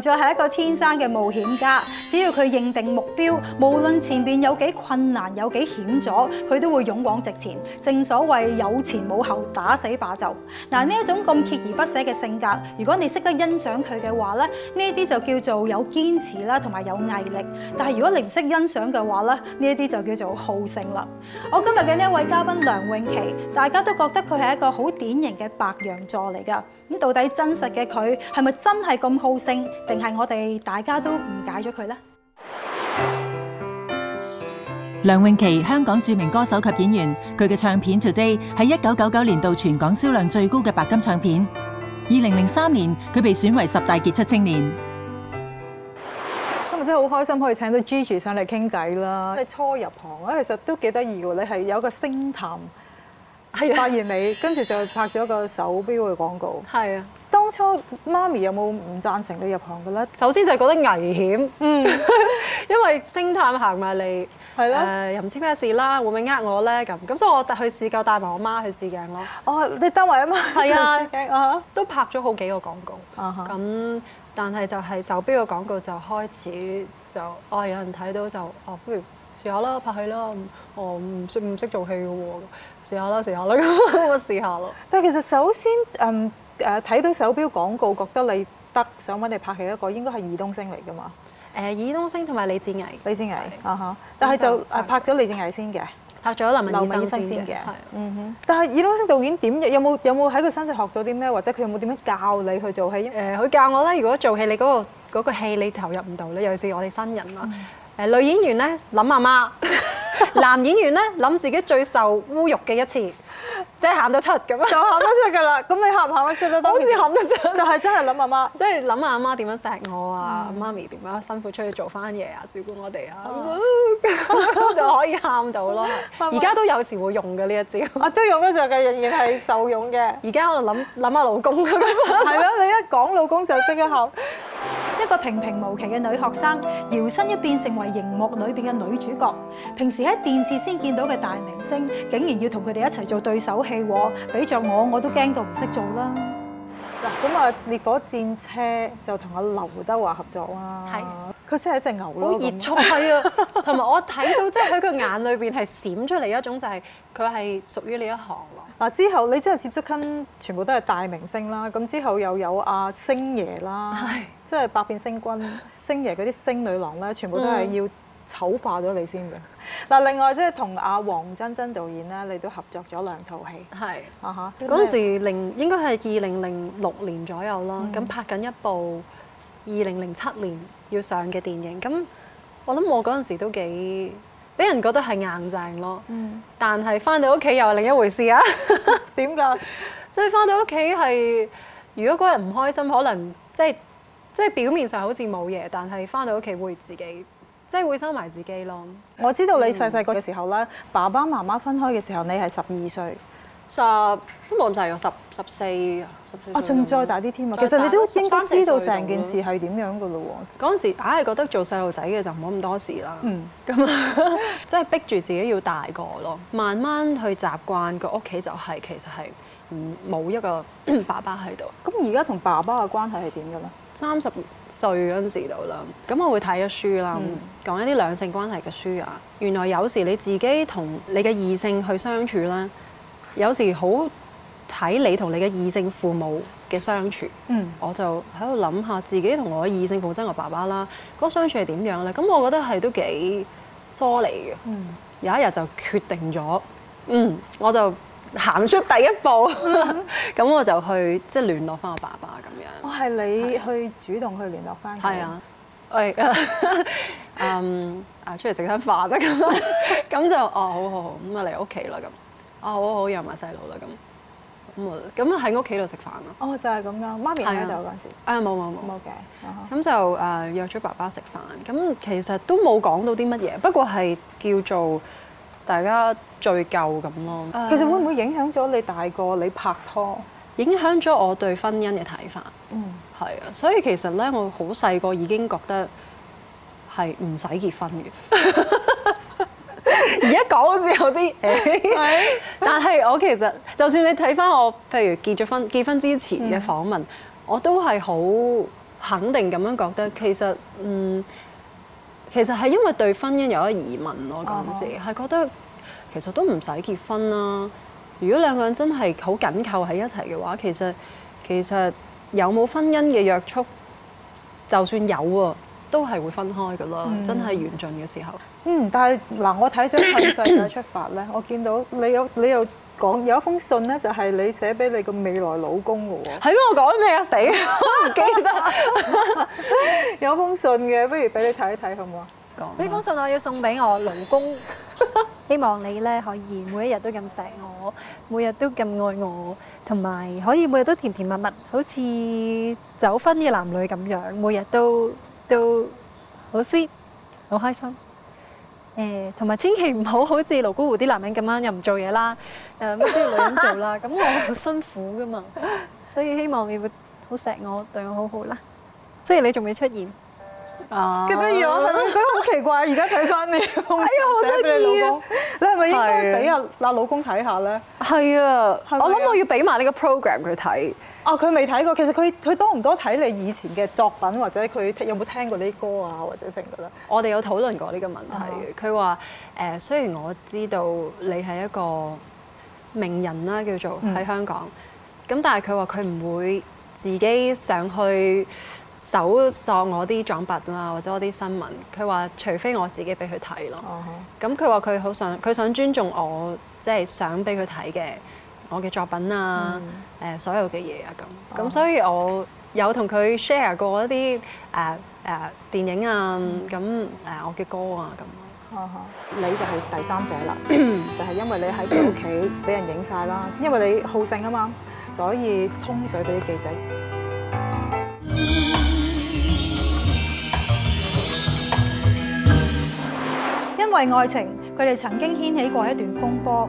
在係一個天生嘅冒險家，只要佢認定目標，無論前邊有幾困難有幾險阻，佢都會勇往直前。正所謂有前冇後，打死把就嗱呢一種咁鍥而不捨嘅性格。如果你識得欣賞佢嘅話咧，呢啲就叫做有堅持啦，同埋有毅力。但係如果你唔識欣賞嘅話咧，呢一啲就叫做好勝啦。我今日嘅呢一位嘉賓梁詠琪，大家都覺得佢係一個好典型嘅白羊座嚟噶。咁到底真實嘅佢係咪真係咁好勝？定係我哋大家都誤解咗佢呢？梁詠琪，香港著名歌手及演員，佢嘅唱片《Today》係一九九九年度全港銷量最高嘅白金唱片。二零零三年，佢被選為十大傑出青年。今日真係好開心可以請到 Gigi 上嚟傾偈啦。你初入行啊，其實都幾得意喎！你係有個星探係發現你，跟住就拍咗個手錶嘅廣告。係啊。當初媽咪有冇唔贊成你入行嘅咧？首先就係覺得危險，嗯， 因為星探行埋嚟，係咯，又唔知咩事啦，會唔會呃我咧？咁咁，所以我去試教帶埋我媽，媽去試鏡咯。哦，你得位啊嘛？係、uh huh. 啊，都拍咗好幾個廣告，咁、uh huh. 啊、但係就係就手錶個廣告就開始就哦、啊、有人睇到就哦不如試下啦，拍戲啦，我唔識唔識做戲嘅喎，試下啦，試下啦，咁我試下咯。但係其實首先嗯。誒，睇到手錶廣告，覺得你得，想揾你拍戲一個，應該係爾冬陞嚟嘅嘛？誒，爾冬陞同埋李志毅，李志毅啊嚇，但係就誒拍咗李志毅先嘅，拍咗林文、劉敏先先嘅，嗯哼。但係爾冬陞導演點，有冇，有冇喺佢身上學到啲咩？或者佢有冇點樣教你去做戲？誒，佢教我咧，如果做戲你嗰個嗰個戲你投入唔到咧，尤其是我哋新人啦。誒，女演員咧，諗阿媽，男演員咧，諗自己最受侮辱嘅一次。即係喊得出咁啊， 就喊得出㗎啦！咁你喊唔喊得出都得？ 好似喊得出， 就係真係諗阿媽，即係諗下阿媽點樣錫我啊，媽咪點樣辛苦出去做翻嘢啊，照顧我哋啊，咁就可以喊到咯。而家 都有時會用嘅呢一招，我、啊、都用得着嘅，仍然係受用嘅。而家 我諗諗下老公咁樣，係咯、 啊，你一講老公就即刻喊。 一個平平無奇嘅女學生，搖身一變成為熒幕裏邊嘅女主角。平時喺電視先見到嘅大明星，竟然要同佢哋一齊做對手戲，我俾着我我都驚到唔識做啦。嗱，咁啊《烈火戰車》就同阿劉德華合作啦。係的。佢真係一隻牛佬，好熱衷係啊！同埋麼的我睇到，即係佢個眼裏邊係閃出嚟一種，就係佢係屬於呢一行咯。嗱，之後你真係接觸緊全部都係大明星啦。咁之後又有阿星爺啦。係。 即係百變星君、星爺嗰啲星女郎咧，全部都係要醜化咗你先嘅。嗱，另外即係同阿黃真真導演咧，你都合作咗兩套戲。係啊哈！嗰陣時零應該係二零零六年左右啦。咁拍緊一部二零零七年要上嘅電影。咁我諗我嗰陣時都幾俾人覺得係硬淨咯。嗯。但係翻到屋企又係另一回事啊！點㗎？即係翻到屋企係，如果嗰日唔開心，可能即係。即係表面上好似冇嘢，但係翻到屋企會自己，即係會收埋自己咯。我知道你細細個嘅時候咧，嗯、爸爸媽媽分開嘅時候，你係十二歲，十都冇咁細個，十十四，十四歲啊，仲再大啲添啊。點點其實你都應該知道成件事係點樣噶咯喎。嗰陣時硬係覺得做細路仔嘅就唔好咁多事啦。嗯，咁 即係逼住自己要大個咯，慢慢去習慣個屋企就係、是、其實係冇一個 爸爸喺度。咁而家同爸爸嘅關係係點嘅咧？三十歲嗰陣時度啦，咁我會睇咗書啦，嗯、講一啲兩性關係嘅書啊。原來有時你自己同你嘅異性去相處咧，有時好睇你同你嘅異性父母嘅相處。嗯，我就喺度諗下自己同我嘅異性父親我爸爸啦，嗰、嗰個相處係點樣咧？咁我覺得係都幾疏離嘅。嗯，有一日就決定咗。嗯，我就。行出第一步，咁 我就去即係、就是、聯絡翻我爸爸咁樣。我係、哦、你去主動去聯絡翻佢。係啊 ，喂，啊， 出嚟食餐飯得啦，咁就哦，好好好，咁啊嚟屋企啦，咁哦，好好，又唔係細路啦，咁咁喺屋企度食飯咯。哦，就係、是、咁樣，媽咪喺度嗰陣時。啊的，冇冇冇冇嘅。咁的 就誒約咗爸爸食飯，咁其實都冇講到啲乜嘢，不過係叫做。大家最舊咁咯，其實會唔會影響咗你大個你拍拖，影響咗我對婚姻嘅睇法？嗯，係啊，所以其實咧，我好細個已經覺得係唔使結婚嘅。而家講好似有啲誒，哎、的但係我其實就算你睇翻我，譬如結咗婚、結婚之前嘅訪問，嗯、我都係好肯定咁樣覺得，其實嗯。其實係因為對婚姻有咗疑問咯，嗰陣時係覺得其實都唔使結婚啦。如果兩個人真係好緊扣喺一齊嘅話，其實其實有冇婚姻嘅約束，就算有啊，都係會分開噶啦。嗯、真係緣盡嘅時候。嗯，但係嗱，我睇咗《從世界出發》咧，咳咳，我見到你有你有，你有講有一封信咧，就係你寫俾你個未來老公嘅喎。係咩？我講咩啊？死啊！我唔記得。 有封信嘅，不如俾你睇一睇，好唔好啊？講呢吧封信我要送俾我老公， 希望你咧可以每一日都咁錫我，每日都咁愛我，同埋可以每日都甜甜蜜蜜，好似走婚嘅男女咁樣，每日都都好 sweet。好開心。誒，同埋、欸、千祈唔好，好似瀘沽湖啲男人咁樣，又唔做嘢啦，又乜都要女人做啦，咁 我好辛苦㗎嘛，所以希望你會好錫我，對我好好啦。雖然你仲未出現，咁得意，我覺得好奇怪，而家睇翻你，我你哎呀好得意，啊、你係咪應該俾阿嗱老公睇下咧？係啊，是是我諗我要俾埋呢個 program 佢睇。啊！佢未睇過，其實佢佢多唔多睇你以前嘅作品，或者佢有冇聽過啲歌啊，或者成嘅咧？我哋有討論過呢個問題嘅。佢話、uh：誒、huh. 呃，雖然我知道你係一個名人啦，叫做喺香港，咁、uh huh. 但係佢話佢唔會自己上去搜索我啲獎品啊，或者我啲新聞。佢話除非我自己俾佢睇咯。咁佢話佢好想佢想尊重我，即、就、係、是、想俾佢睇嘅。我嘅作品啊，誒所有嘅嘢啊，咁咁，所以我有同佢 share 過一啲誒誒電影啊，咁誒我嘅歌啊，咁。嚇嚇，你就係第三者啦，就係因為你喺屋企俾人影曬啦，因為你好性啊嘛，所以通水俾啲記者。因為愛情，佢哋曾經掀起過一段風波。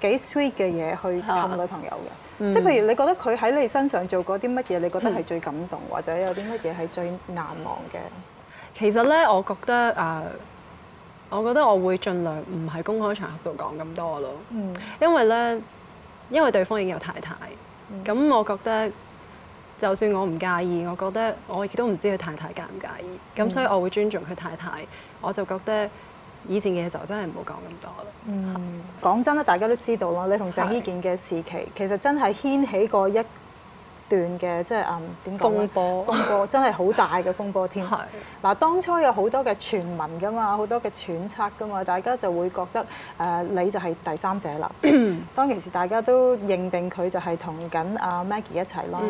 幾 sweet 嘅嘢去氹女朋友嘅，嗯、即係譬如你覺得佢喺你身上做過啲乜嘢，你覺得係最感動，嗯、或者有啲乜嘢係最難忘嘅。其實呢，我覺得誒、呃，我覺得我會盡量唔喺公開場合度講咁多咯。嗯、因為呢，因為對方已經有太太，咁、嗯、我覺得就算我唔介意，我覺得我亦都唔知佢太太介唔介意，咁、嗯、所以我會尊重佢太太。我就覺得。以前嘅時候真係唔好講咁多啦。嗯，講真啦，大家都知道啦，你同鄭伊健嘅時期，的其實真係掀起過一段嘅即係誒點講咧？嗯、風波風波真係好大嘅風波添。嗱 的，當初有好多嘅傳聞㗎嘛，好多嘅揣測㗎嘛，大家就會覺得誒、呃、你就係第三者啦。 當其時大家都認定佢就係同緊阿 Maggie 一齊咯。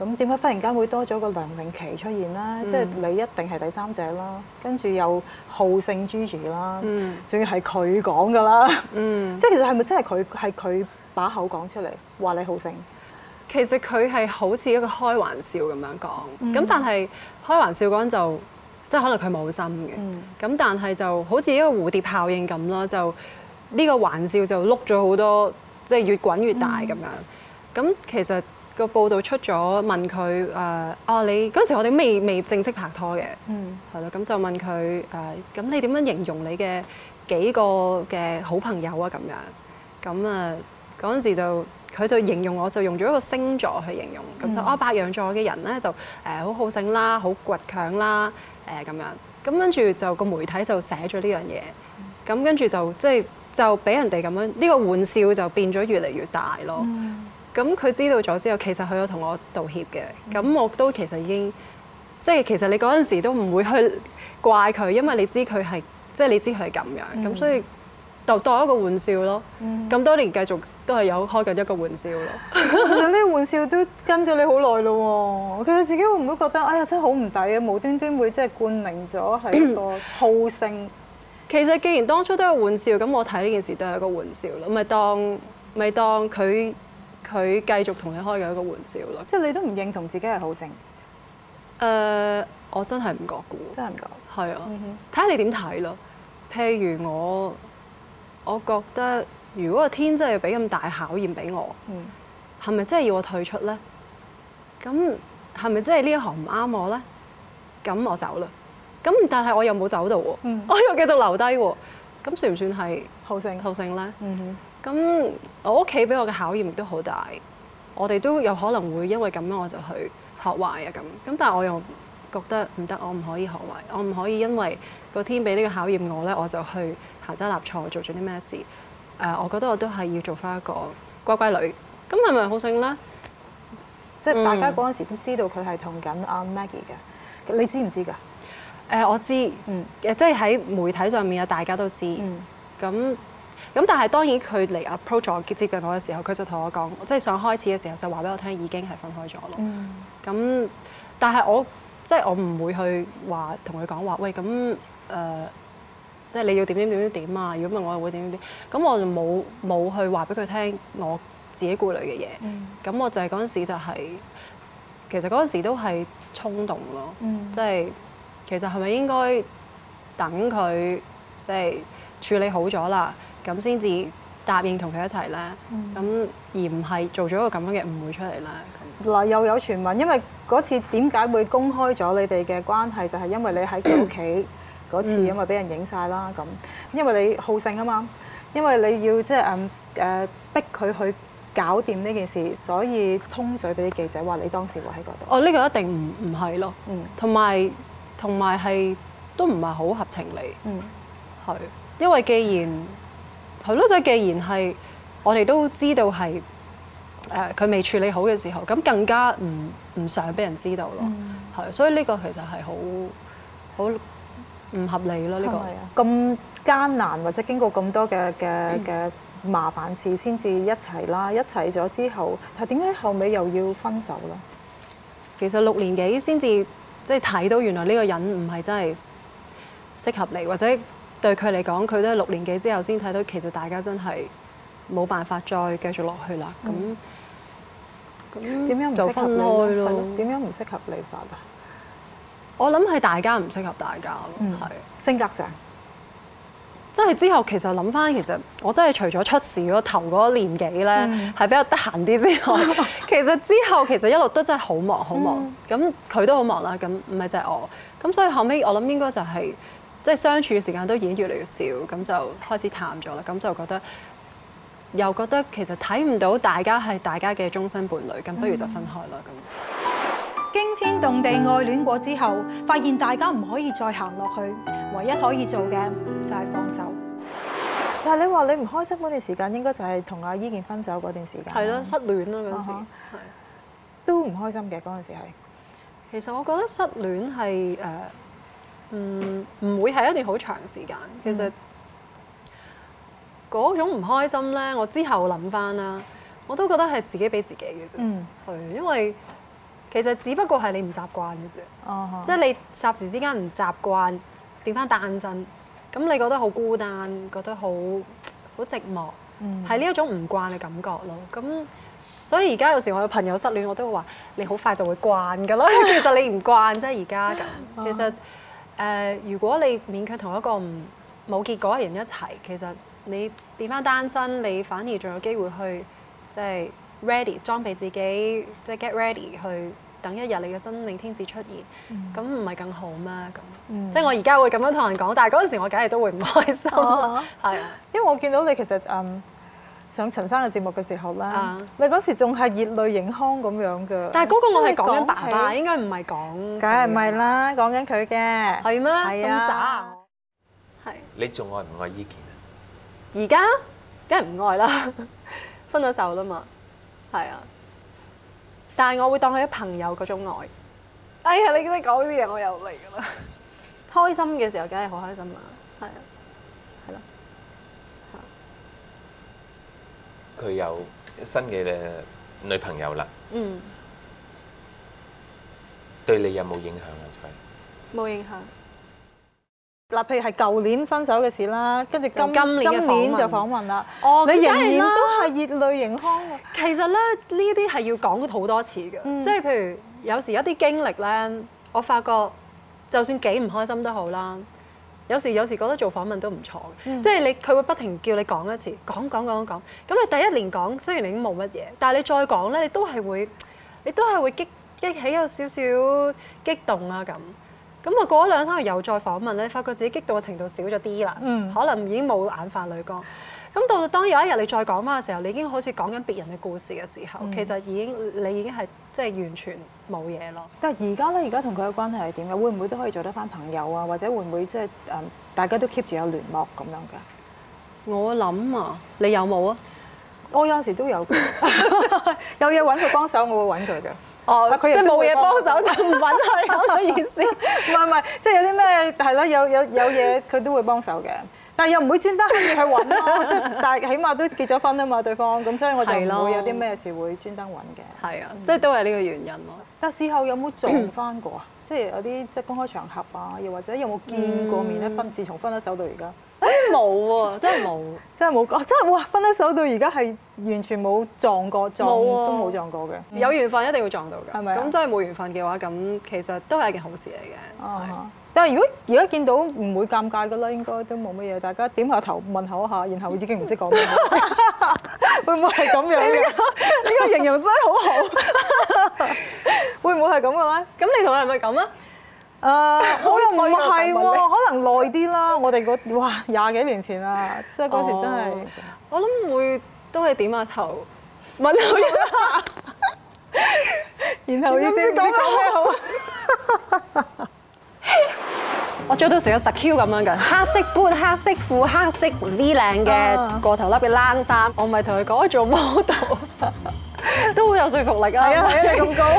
咁點解忽然間會多咗個梁詠琪出現咧？即係、嗯、你一定係第三者啦。跟住又好勝 Gigi 啦，仲、嗯、要係佢講㗎啦。即係、嗯、 其實係咪真係佢係佢把口講出嚟話你好勝？其實佢係好似一個開玩笑咁樣講，咁、mm hmm. 但係開玩笑講就即係可能佢冇心嘅，咁、mm hmm. 但係就好似一個蝴蝶效應咁囉，就呢個玩笑就碌咗好多，即、就、係、是、越滾越大咁、mm hmm. 樣。咁其實個報道出咗，問佢誒啊，你嗰陣時我哋未未正式拍拖嘅，係啦、mm，咁、hmm. 就問佢誒，咁、啊、你點樣形容你嘅幾個嘅好朋友啊？咁樣咁啊嗰陣時就。佢就形容我，我就用咗一個星座去形容，咁、嗯、就阿、啊、白羊座嘅人咧就誒、呃、好好勝啦，好倔強啦，誒、呃、咁樣，咁跟住就個媒體就寫咗呢樣嘢，咁跟住就即係就俾人哋咁樣，呢、這個玩笑就變咗越嚟越大咯。咁佢、嗯、知道咗之後，其實佢有同我道歉嘅，咁、嗯、我都其實已經即係、就是、其實你嗰陣時都唔會去怪佢，因為你知佢係即係你知佢係咁樣，咁、嗯、所以就，就當一個玩笑咯。咁、嗯、多年繼續。都係有開嘅一個玩笑咯，呢個玩笑都跟咗你好耐咯喎。其實自己會唔會覺得，哎呀，真係好唔抵啊！無端端會即係冠名咗係一個好勝。 其實既然當初都有玩笑，咁我睇呢件事都係一個玩笑咯，咪當咪當佢佢繼續同你開嘅一個玩笑咯。 即係你都唔認同自己係好勝。誒，uh, 我真係唔覺嘅，真係唔覺。係啊，睇下、mm hmm. 你點睇咯。譬如我，我覺得。如果個天真係要俾咁大考驗俾我，係咪、嗯、真係要我退出呢？咁係咪真係呢一行唔啱我呢？咁我走啦。咁但係我又冇走到喎，嗯、我又繼續留低喎。咁算唔算係好勝性好勝呢？咁、嗯、哼我屋企俾我嘅考驗都好大，我哋都有可能會因為咁樣我就去學壞啊。咁咁，但係我又覺得唔得，我唔可以學壞，我唔可以因為個天俾呢個考驗我呢，我就去行差踏錯做咗啲咩事。誒，uh, 我覺得我都係要做翻一個乖乖女，咁係咪好醒啦？嗯、即係大家嗰陣時都知道佢係同緊阿 Maggie 嘅，你知唔知㗎？誒、嗯，我知，嗯，即係喺媒體上面啊，大家都知，嗯，咁，咁但係當然佢嚟 Approach 我，接近我嘅時候，佢就同我講，即係想開始嘅時候就話俾我聽，已經係分開咗咯，嗯，咁，但係我即係我唔會去話同佢講話，喂，咁誒。Uh, 即係你要點點點點點啊！如果唔係我會點點點咁，我就冇冇去話俾佢聽我自己顧慮嘅嘢。咁、嗯、我就係嗰陣時就係、是、其實嗰陣時都係衝動咯。即係、嗯就是、其實係咪應該等佢即係處理好咗啦，咁先至答應同佢一齊咧？咁、嗯、而唔係做咗一個咁樣嘅誤會出嚟咧？嗱又有傳聞，因為嗰次點解會公開咗你哋嘅關係，就係、是、因為你喺佢屋企。 次因為俾人影晒啦，咁、嗯、因為你好勝啊嘛，因為你要即係誒誒，逼佢去搞掂呢件事，所以通水俾啲記者話你當時會喺嗰度哦。呢、呢個一定唔唔係咯，嗯，同埋同埋係都唔係好合情理，嗯，係因為既然係咯，即係既然係我哋都知道係誒佢未處理好嘅時候，咁更加唔唔想俾人知道咯，係、嗯、所以呢個其實係好好。唔合理咯，呢個咁艱難或者經過咁多嘅嘅嘅麻煩事先至一齊啦，一齊咗之後，但點解後尾又要分手咯？其實六年幾先至即係睇到原來呢個人唔係真係適合你，或者對佢嚟講，佢都係六年幾之後先睇到，其實大家真係冇辦法再繼續落去啦。咁咁點樣就分開咯？點樣唔適合你法？啊？了我諗係大家唔適合大家咯，係、嗯、是性格上。即係之後，其實諗翻，其實我真係除咗出事嗰頭嗰年紀呢，係、嗯、比較得閒啲之外， 其實之後其實一路都真係好忙，好忙。咁佢都好忙啦，咁唔係淨係我。咁所以後尾我諗應該就係即係相處嘅時間都已經越嚟越少，咁就開始淡咗啦。咁就覺得又覺得其實睇唔到大家係大家嘅終身伴侶，咁不如就分開啦。咁、嗯。嗯驚天動地愛戀過之後，發現大家唔可以再行落去，唯一可以做嘅就係放手。但係你話你唔開心嗰段時間，應該就係同阿伊健分手嗰段時間。係咯、uh，失戀咯嗰時，係都唔開心嘅嗰陣時係。其實我覺得失戀係誒，唔、呃嗯、會係一段好長時間。其實嗰、嗯、種唔開心呢，我之後諗翻啦，我都覺得係自己俾自己嘅啫。嗯，係因為。其實只不過係你唔習慣嘅啫，即係、uh huh. 你霎時之間唔習慣，變翻單身，咁你覺得好孤單，覺得好好寂寞，係呢、嗯、一種唔慣嘅感覺咯。咁所以而家有時我嘅朋友失戀，我都會話：你好快就會慣㗎咯。 其實你唔慣啫，即係而家咁。Uh huh. 其實誒、呃，如果你勉強同一個唔冇結果嘅人一齊，其實你變翻單身，你反而仲有機會去即係，就是 ready 裝備自己，即係 get ready 去等一日你嘅真命天子出現，咁唔係更好咩？咁即係我而家會咁樣同人講，但係嗰陣時我梗係都會唔開心咯。係因為我見到你其實誒上陳生嘅節目嘅時候咧，你嗰時仲係熱淚盈眶咁樣嘅。但係嗰個我係講緊爸爸，應該唔係講，梗係唔係啦，講緊佢嘅係咩咁渣？係你仲愛唔愛伊健啊？而家梗係唔愛啦，分咗手啦嘛。係啊，但係我會當佢朋友嗰種愛。哎呀，你啲講呢啲嘢，我又嚟㗎啦。開心嘅時候，梗係好開心啦。係啊，係咯。佢有新嘅女朋友啦。嗯。對你有冇影響啊？佢冇影響。嗱，譬如係舊年分手嘅事啦，跟住今今年就訪問啦。哦，你仍然都係熱淚盈眶。其實咧，呢啲係要講好多次嘅，嗯、即係譬如有時有一啲經歷咧，我發覺就算幾唔開心都好啦。有時有時覺得做訪問都唔錯，即係你佢會不停叫你講一次，講講講講，咁你第一年講雖然你已經冇乜嘢，但係你再講咧，你都係會，你都係會激激起有少少激動啊咁。咁啊，過咗兩三日又再訪問咧，你發覺自己激動嘅程度少咗啲啦，嗯、可能已經冇眼泛淚光。咁到當有一日你再講翻嘅時候，你已經好似講緊別人嘅故事嘅時候，嗯、其實已經你已經係即係完全冇嘢咯。但係而家咧，而家同佢嘅關係係點嘅？會唔會都可以做得翻朋友啊？或者會唔會即係誒大家都 keep 住有聯絡咁樣嘅？我諗啊，你有冇啊？我有時都有， 有嘢揾佢幫手，我會揾佢嘅。哦，即係冇嘢幫手 就唔揾佢，意思唔係唔係，即係、 就是、有啲咩係啦，有有有嘢佢都會幫手嘅，但係又唔會專登去揾咯，即係 但係起碼都結咗婚啊嘛，對方咁，所以我就唔了會有啲咩事會專登揾嘅。係啊，嗯、即係都係呢個原因咯。但事後有冇做翻過啊？ 即係有啲即係公開場合啊，又或者有冇見過面咧？分、嗯、自從分咗手到而家，哎冇喎，真係冇、啊，真係冇，真係哇！分咗手到而家係完全冇撞過，撞、啊、都冇撞過嘅。嗯、有緣分一定會撞到嘅，係咪啊？咁真係冇緣分嘅話，咁其實都係一件好事嚟嘅。啊，是但係如果而家見到唔會尷尬噶啦，應該都冇乜嘢，大家點下頭問候一下，然後已經唔識講咩。 會唔會係咁樣嘅？呢個形容真係好好。會唔會係咁嘅話？咁你同佢係咪咁啊？誒，我又唔係喎，可能耐啲啦。我哋個哇廿幾年前啦，即係嗰時真係，我諗會都係點下頭，問好一下，然後要啲咁嘅咩好？我着到成個 secure 咁樣嘅，黑色褲、黑色褲、黑色 V 領嘅過頭笠嘅冷衫，我咪同佢講我做 model，都好有説服力啊！一米咁高。